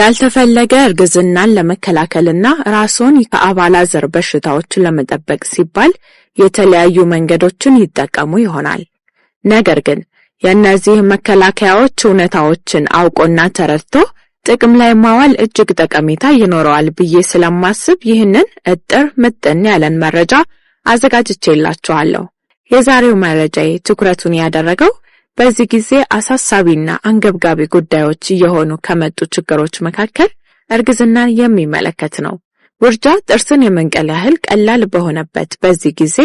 ያልተፈለገ እርግዝናን ለመከላከልና ራስዎን ከአባላዘር በሽታዎች ለመጠበቅ ሲባል የተለያዩ መንገዶችን ይጠቀሙ ይሆናል። ነገር ግን የእነዚህ መከላከያዎች እውነታዎችን አውቆና ተረድቶ ጥቅም ላይ ማዋል እጅግ ጠቀሜታ ይኖረዋል ብዬ ስለማስብ ይህንን እጥር ምጥን ያለን መረጃ አዘጋጅቼላችኋለሁ። የዛሬው መረጃዬ ትኩረቱን ያደረገው በዚህ ጊዜ አሳሳቢና አንገብጋቢ ጉዳዮች እየሆኑ ከመጡ ችግሮች መካከል እርግዝናን የሚመለከት ነው። ውርጃ ጥርስን የመንቀል ያህል ቀላል በሆነበት በዚህ ጊዜ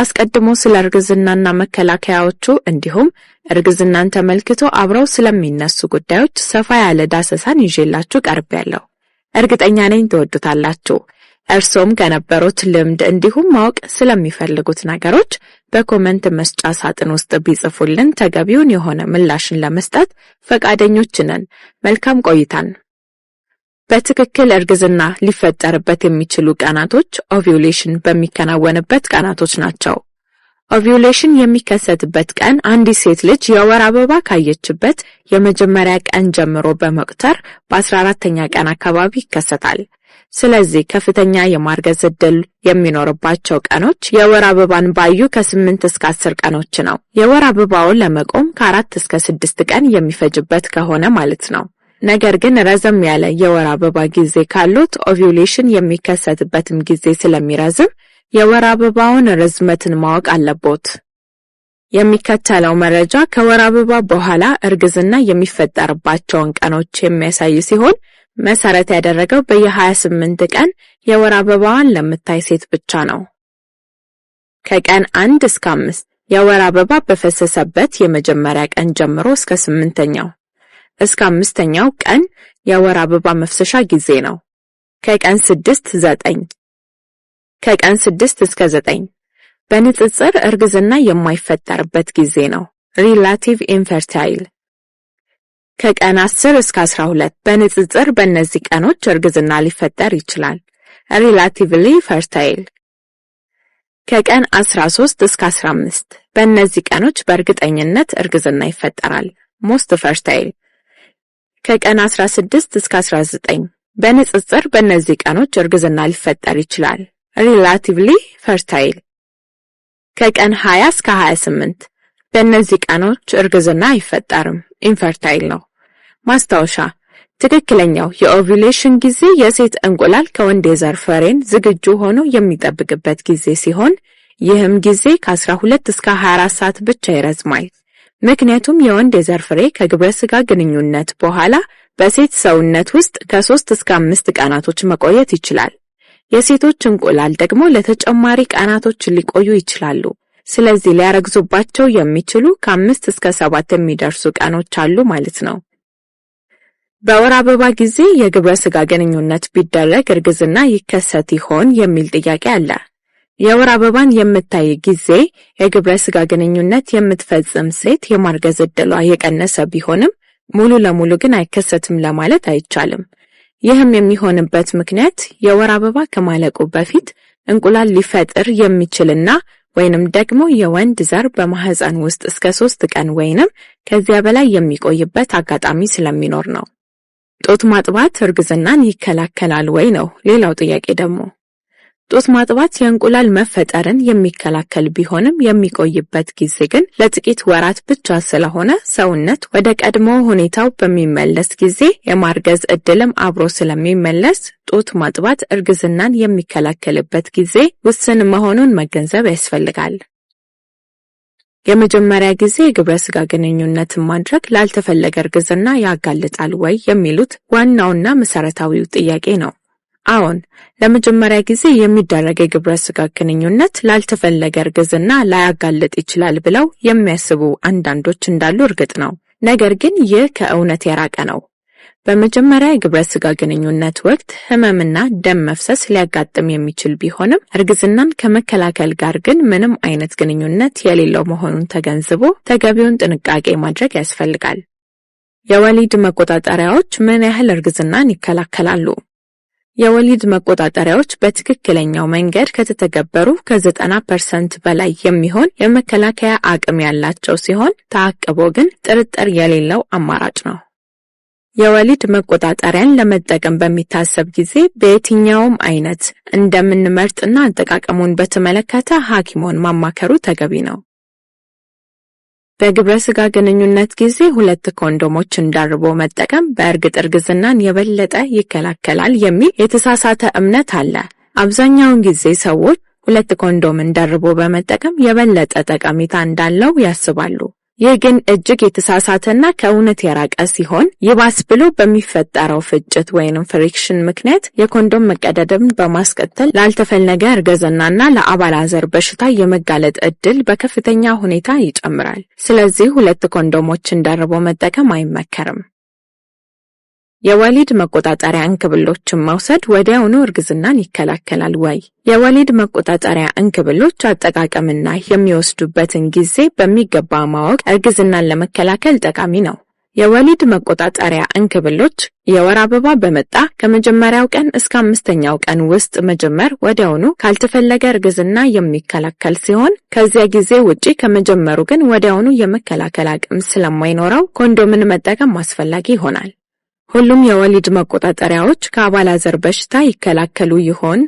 አስቀድሞ ስለ እርግዝናና መከላከያዎቹ እንዲሁም እርግዝናን ተመልክቶ አብረው ስለሚነሱ ጉዳዮች ሰፋ ያለ ዳሰሳን ይዤላችሁ ቀርቤያለሁ። እርግጠኛ ነኝ ትወዱታላችሁ። እርሶም ከነበሩት ልምድ እንዲሁም ማወቅ ስለሚፈልጉት ነገሮች በኮመንት መስጫ ሳጥን ውስጥ ቢጽፉልን ተገቢውን የሆነ ምላሽን ለመስጠት ፈቃደኞች ነን። መልካም ቆይታን። በትክክል እርግዝና ሊፈጠርበት የሚችሉ ቀናቶች ኦቪዩሌሽን በሚከናወንበት ቀናቶች ናቸው። ኦቪዩሌሽን የሚከሰትበት ቀን አንዲት ሴት ልጅ የወር አበባ ካየችበት የመጀመሪያ ቀን ጀምሮ በመቁጠር በ14ተኛ ቀን አካባቢ ይከሰታል። ስለዚህ ከፍተኛ የማርገዝ እድል የሚኖርባቸው ቀኖች የወር አበባን ባዩ ከስምንት እስከ አስር ቀኖች ነው። የወር አበባውን ለመቆም ከአራት እስከ ስድስት ቀን የሚፈጅበት ከሆነ ማለት ነው። ነገር ግን ረዘም ያለ የወር አበባ ጊዜ ካሉት ኦቪዩሌሽን የሚከሰትበትም ጊዜ ስለሚረዝም የወር አበባውን ርዝመትን ማወቅ አለቦት። የሚከተለው መረጃ ከወር አበባ በኋላ እርግዝና የሚፈጠርባቸውን ቀኖች የሚያሳይ ሲሆን መሰረት ያደረገው በየ28 ቀን የወር አበባዋን ለምታይ ሴት ብቻ ነው። ከቀን አንድ እስከ አምስት የወር አበባ በፈሰሰበት የመጀመሪያ ቀን ጀምሮ እስከ ስምንተኛው እስከ አምስተኛው ቀን የወር አበባ መፍሰሻ ጊዜ ነው። ከቀን ስድስት ዘጠኝ ከቀን ስድስት እስከ ዘጠኝ በንጽጽር እርግዝና የማይፈጠርበት ጊዜ ነው። ሪላቲቭ ኢንፈርታይል ከቀን 10 እስከ 12 በንጽጽር በእነዚህ ቀኖች እርግዝና ሊፈጠር ይችላል። ሪላቲቭሊ ፈርታይል ከቀን 13 እስከ 15 በእነዚህ ቀኖች በእርግጠኝነት እርግዝና ይፈጠራል። ሞስት ፈርታይል ከቀን 16 እስከ 19 በንጽጽር በእነዚህ ቀኖች እርግዝና ሊፈጠር ይችላል። ሪላቲቭሊ ፈርታይል ከቀን 20 እስከ 28 በእነዚህ ቀኖች እርግዝና አይፈጠርም፣ ኢንፈርታይል ነው። ማስታወሻ ትክክለኛው የኦቪሌሽን ጊዜ የሴት እንቁላል ከወንድ የዘር ፍሬን ዝግጁ ሆኖ የሚጠብቅበት ጊዜ ሲሆን ይህም ጊዜ ከ12 እስከ 24 ሰዓት ብቻ ይረዝማል። ምክንያቱም የወንድ የዘር ፍሬ ከግብረ ስጋ ግንኙነት በኋላ በሴት ሰውነት ውስጥ ከ3 እስከ 5 ቀናቶች መቆየት ይችላል። የሴቶች እንቁላል ደግሞ ለተጨማሪ ቀናቶች ሊቆዩ ይችላሉ። ስለዚህ ሊያረግዙባቸው የሚችሉ ከአምስት እስከ ሰባት የሚደርሱ ቀኖች አሉ ማለት ነው። በወር አበባ ጊዜ የግብረ ስጋ ግንኙነት ቢደረግ እርግዝና ይከሰት ይሆን የሚል ጥያቄ አለ። የወር አበባን የምታይ ጊዜ የግብረ ስጋ ግንኙነት የምትፈጽም ሴት የማርገዝ እድሏ የቀነሰ ቢሆንም ሙሉ ለሙሉ ግን አይከሰትም ለማለት አይቻልም። ይህም የሚሆንበት ምክንያት የወር አበባ ከማለቁ በፊት እንቁላል ሊፈጥር የሚችልና ወይንም ደግሞ የወንድ ዘር በማህፀን ውስጥ እስከ ሶስት ቀን ወይንም ከዚያ በላይ የሚቆይበት አጋጣሚ ስለሚኖር ነው። ጡት ማጥባት እርግዝናን ይከላከላል ወይ ነው ሌላው ጥያቄ ደግሞ ጡት ማጥባት የእንቁላል መፈጠርን የሚከላከል ቢሆንም የሚቆይበት ጊዜ ግን ለጥቂት ወራት ብቻ ስለሆነ ሰውነት ወደ ቀድሞ ሁኔታው በሚመለስ ጊዜ የማርገዝ እድልም አብሮ ስለሚመለስ ጡት ማጥባት እርግዝናን የሚከላከልበት ጊዜ ውስን መሆኑን መገንዘብ ያስፈልጋል። የመጀመሪያ ጊዜ የግብረ ስጋ ግንኙነትን ማድረግ ላልተፈለገ እርግዝና ያጋልጣል ወይ የሚሉት ዋናውና መሰረታዊው ጥያቄ ነው። አዎን፣ ለመጀመሪያ ጊዜ የሚደረግ የግብረ ስጋ ግንኙነት ላልተፈለገ እርግዝና ላያጋልጥ ይችላል ብለው የሚያስቡ አንዳንዶች እንዳሉ እርግጥ ነው። ነገር ግን ይህ ከእውነት የራቀ ነው። በመጀመሪያ የግብረ ስጋ ግንኙነት ወቅት ህመምና ደም መፍሰስ ሊያጋጥም የሚችል ቢሆንም እርግዝናን ከመከላከል ጋር ግን ምንም አይነት ግንኙነት የሌለው መሆኑን ተገንዝቦ ተገቢውን ጥንቃቄ ማድረግ ያስፈልጋል። የወሊድ መቆጣጠሪያዎች ምን ያህል እርግዝናን ይከላከላሉ? የወሊድ መቆጣጠሪያዎች በትክክለኛው መንገድ ከተተገበሩ ከዘጠና ፐርሰንት በላይ የሚሆን የመከላከያ አቅም ያላቸው ሲሆን ተአቅቦ ግን ጥርጥር የሌለው አማራጭ ነው። የወሊድ መቆጣጠሪያን ለመጠቀም በሚታሰብ ጊዜ በየትኛውም አይነት እንደምንመርጥና አጠቃቀሙን በተመለከተ ሐኪሞን ማማከሩ ተገቢ ነው። በግብረ ስጋ ግንኙነት ጊዜ ሁለት ኮንዶሞች እንዳርቦ መጠቀም በእርግጥ እርግዝናን የበለጠ ይከላከላል የሚል የተሳሳተ እምነት አለ። አብዛኛውን ጊዜ ሰዎች ሁለት ኮንዶም እንዳርቦ በመጠቀም የበለጠ ጠቀሜታ እንዳለው ያስባሉ። ይህ ግን እጅግ የተሳሳተና ከእውነት የራቀ ሲሆን ይባስ ብሎ በሚፈጠረው ፍጭት ወይንም ፍሪክሽን ምክንያት የኮንዶም መቀደድን በማስከተል ላልተፈለገ እርግዝናና ለአባላዘር በሽታ የመጋለጥ እድል በከፍተኛ ሁኔታ ይጨምራል። ስለዚህ ሁለት ኮንዶሞችን ደርቦ መጠቀም አይመከርም። የወሊድ መቆጣጠሪያ እንክብሎችን መውሰድ ወዲያውኑ እርግዝናን ይከላከላል ወይ? የወሊድ መቆጣጠሪያ እንክብሎች አጠቃቀምና የሚወስዱበትን ጊዜ በሚገባ ማወቅ እርግዝናን ለመከላከል ጠቃሚ ነው። የወሊድ መቆጣጠሪያ እንክብሎች የወር አበባ በመጣ ከመጀመሪያው ቀን እስከ አምስተኛው ቀን ውስጥ መጀመር ወዲያውኑ ካልተፈለገ እርግዝና የሚከላከል ሲሆን ከዚያ ጊዜ ውጪ ከመጀመሩ ግን ወዲያውኑ የመከላከል አቅም ስለማይኖረው ኮንዶምን መጠቀም አስፈላጊ ይሆናል። ሁሉም የወሊድ መቆጣጠሪያዎች ከአባላዘር በሽታ ይከላከሉ ይሆን?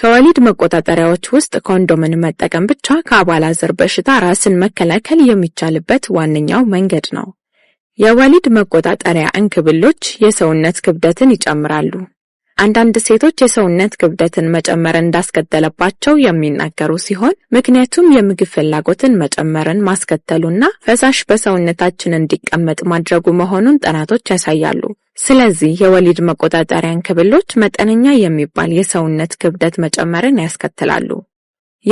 ከወሊድ መቆጣጠሪያዎች ውስጥ ኮንዶምን መጠቀም ብቻ ከአባላዘር በሽታ ራስን መከላከል የሚቻልበት ዋነኛው መንገድ ነው። የወሊድ መቆጣጠሪያ እንክብሎች የሰውነት ክብደትን ይጨምራሉ። አንዳንድ ሴቶች የሰውነት ክብደትን መጨመር እንዳስከተለባቸው የሚናገሩ ሲሆን ምክንያቱም የምግብ ፍላጎትን መጨመርን ማስከተሉና ፈሳሽ በሰውነታችን እንዲቀመጥ ማድረጉ መሆኑን ጥናቶች ያሳያሉ። ስለዚህ የወሊድ መቆጣጠሪያ ክብሎች መጠነኛ የሚባል የሰውነት ክብደት መጨመርን ያስከትላሉ።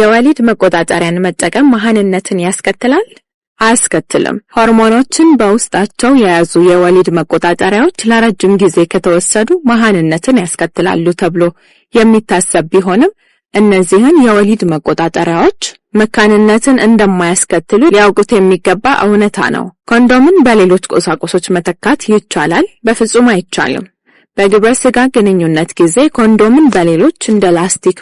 የወሊድ መቆጣጠሪያን መጠቀም መሃንነትን ያስከትላል? አያስከትልም። ሆርሞኖችን በውስጣቸው የያዙ የወሊድ መቆጣጠሪያዎች ለረጅም ጊዜ ከተወሰዱ መሃንነትን ያስከትላሉ ተብሎ የሚታሰብ ቢሆንም እነዚህን የወሊድ መቆጣጠሪያዎች መካንነትን እንደማያስከትሉ ሊያውቁት የሚገባ እውነታ ነው። ኮንዶምን በሌሎች ቁሳቁሶች መተካት ይቻላል? በፍጹም አይቻልም። በግብረ ስጋ ግንኙነት ጊዜ ኮንዶምን በሌሎች እንደ ላስቲክ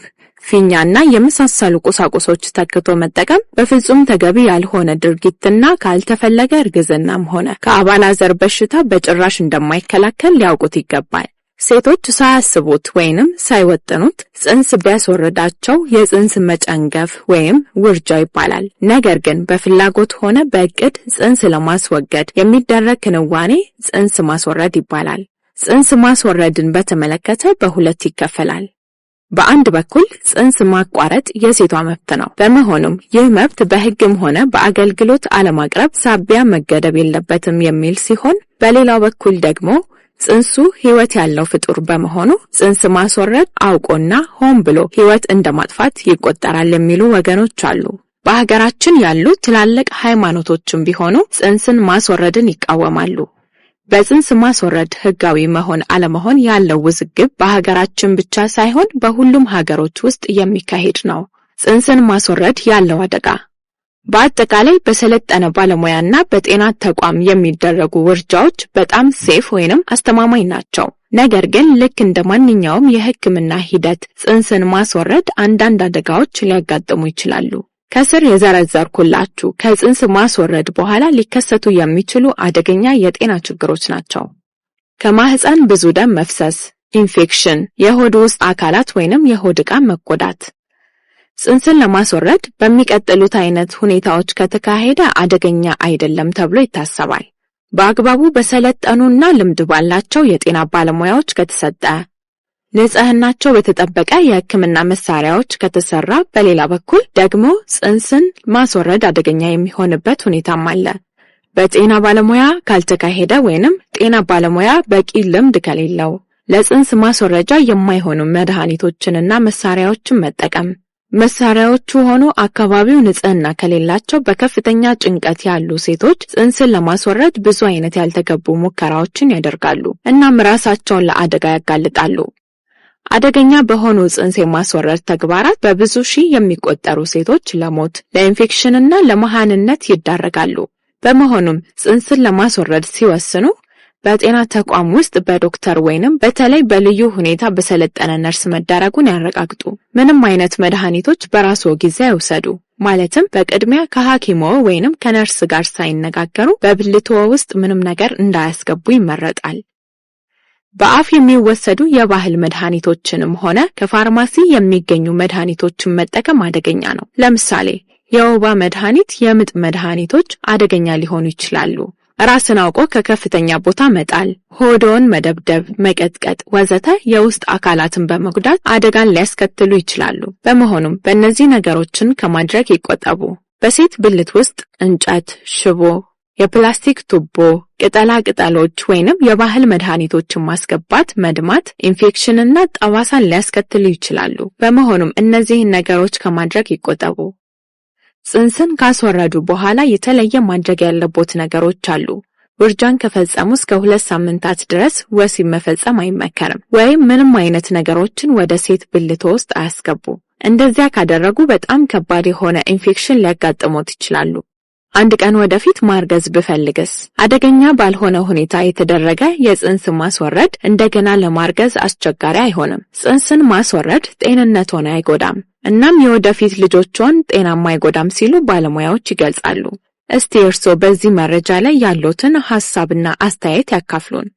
ፊኛና የመሳሰሉ ቁሳቁሶች ተክቶ መጠቀም በፍጹም ተገቢ ያልሆነ ድርጊትና ካልተፈለገ እርግዝናም ሆነ ከአባላዘር በሽታ በጭራሽ እንደማይከላከል ሊያውቁት ይገባል። ሴቶች ሳያስቡት ወይንም ሳይወጥኑት ጽንስ ቢያስወርዳቸው የጽንስ መጨንገፍ ወይም ውርጃ ይባላል። ነገር ግን በፍላጎት ሆነ በእቅድ ጽንስ ለማስወገድ የሚደረግ ክንዋኔ ጽንስ ማስወረድ ይባላል። ጽንስ ማስወረድን በተመለከተ በሁለት ይከፈላል። በአንድ በኩል ጽንስ ማቋረጥ የሴቷ መብት ነው። በመሆኑም ይህ መብት በሕግም ሆነ በአገልግሎት አለማቅረብ ሳቢያ መገደብ የለበትም የሚል ሲሆን፣ በሌላው በኩል ደግሞ ጽንሱ ሕይወት ያለው ፍጡር በመሆኑ ጽንስ ማስወረድ አውቆና ሆን ብሎ ሕይወት እንደማጥፋት ይቆጠራል የሚሉ ወገኖች አሉ። በሀገራችን ያሉ ትላልቅ ሃይማኖቶችም ቢሆኑ ጽንስን ማስወረድን ይቃወማሉ። በጽንስ ማስወረድ ህጋዊ መሆን አለመሆን ያለው ውዝግብ በሀገራችን ብቻ ሳይሆን በሁሉም ሀገሮች ውስጥ የሚካሄድ ነው። ጽንስን ማስወረድ ያለው አደጋ በአጠቃላይ በሰለጠነ ባለሙያና በጤና ተቋም የሚደረጉ ውርጃዎች በጣም ሴፍ ወይንም አስተማማኝ ናቸው። ነገር ግን ልክ እንደ ማንኛውም የህክምና ሂደት ጽንስን ማስወረድ አንዳንድ አደጋዎች ሊያጋጥሙ ይችላሉ። ከስር የዘረዘርኩላችሁ ከጽንስ ማስወረድ በኋላ ሊከሰቱ የሚችሉ አደገኛ የጤና ችግሮች ናቸው። ከማህፀን ብዙ ደም መፍሰስ፣ ኢንፌክሽን፣ የሆድ ውስጥ አካላት ወይንም የሆድ ዕቃ መጎዳት። ጽንስን ለማስወረድ በሚቀጥሉት አይነት ሁኔታዎች ከተካሄደ አደገኛ አይደለም ተብሎ ይታሰባል። በአግባቡ በሰለጠኑና ልምድ ባላቸው የጤና ባለሙያዎች ከተሰጠ ንጽህናቸው በተጠበቀ የሕክምና መሳሪያዎች ከተሰራ፣ በሌላ በኩል ደግሞ ጽንስን ማስወረድ አደገኛ የሚሆንበት ሁኔታም አለ። በጤና ባለሙያ ካልተካሄደ ወይንም ጤና ባለሙያ በቂ ልምድ ከሌለው ለጽንስ ማስወረጃ የማይሆኑ መድኃኒቶችንና መሳሪያዎችን መጠቀም መሳሪያዎቹ ሆኖ አካባቢው ንጽህና ከሌላቸው በከፍተኛ ጭንቀት ያሉ ሴቶች ጽንስን ለማስወረድ ብዙ አይነት ያልተገቡ ሙከራዎችን ያደርጋሉ እናም ራሳቸውን ለአደጋ ያጋልጣሉ። አደገኛ በሆኑ ጽንስ የማስወረድ ተግባራት በብዙ ሺህ የሚቆጠሩ ሴቶች ለሞት፣ ለኢንፌክሽንና ለመሃንነት ይዳረጋሉ። በመሆኑም ጽንስን ለማስወረድ ሲወስኑ በጤና ተቋም ውስጥ በዶክተር ወይንም በተለይ በልዩ ሁኔታ በሰለጠነ ነርስ መዳረጉን ያረጋግጡ። ምንም አይነት መድኃኒቶች በራስዎ ጊዜ አይውሰዱ። ማለትም በቅድሚያ ከሐኪሞ ወይንም ከነርስ ጋር ሳይነጋገሩ በብልቶ ውስጥ ምንም ነገር እንዳያስገቡ ይመረጣል። በአፍ የሚወሰዱ የባህል መድኃኒቶችንም ሆነ ከፋርማሲ የሚገኙ መድኃኒቶችን መጠቀም አደገኛ ነው። ለምሳሌ የወባ መድኃኒት፣ የምጥ መድኃኒቶች አደገኛ ሊሆኑ ይችላሉ። ራስን አውቆ ከከፍተኛ ቦታ መጣል፣ ሆዶን መደብደብ፣ መቀጥቀጥ ወዘተ የውስጥ አካላትን በመጉዳት አደጋን ሊያስከትሉ ይችላሉ። በመሆኑም በእነዚህ ነገሮችን ከማድረግ ይቆጠቡ። በሴት ብልት ውስጥ እንጨት፣ ሽቦ፣ የፕላስቲክ ቱቦ ቅጠላ ቅጠሎች ወይንም የባህል መድኃኒቶችን ማስገባት መድማት፣ ኢንፌክሽንና ጠባሳን ሊያስከትሉ ይችላሉ። በመሆኑም እነዚህን ነገሮች ከማድረግ ይቆጠቡ። ጽንስን ካስወረዱ በኋላ የተለየ ማድረግ ያለቦት ነገሮች አሉ። ውርጃን ከፈጸሙ እስከ ሁለት ሳምንታት ድረስ ወሲብ መፈጸም አይመከርም፣ ወይም ምንም አይነት ነገሮችን ወደ ሴት ብልቶ ውስጥ አያስገቡ። እንደዚያ ካደረጉ በጣም ከባድ የሆነ ኢንፌክሽን ሊያጋጥሞት ይችላሉ። አንድ ቀን ወደፊት ማርገዝ ብፈልግስ? አደገኛ ባልሆነ ሁኔታ የተደረገ የጽንስ ማስወረድ እንደገና ለማርገዝ አስቸጋሪ አይሆንም። ጽንስን ማስወረድ ጤንነትዎን አይጎዳም፣ እናም የወደፊት ልጆችዎን ጤናማ አይጎዳም ሲሉ ባለሙያዎች ይገልጻሉ። እስቲ እርስዎ በዚህ መረጃ ላይ ያሉትን ሐሳብና አስተያየት ያካፍሉን።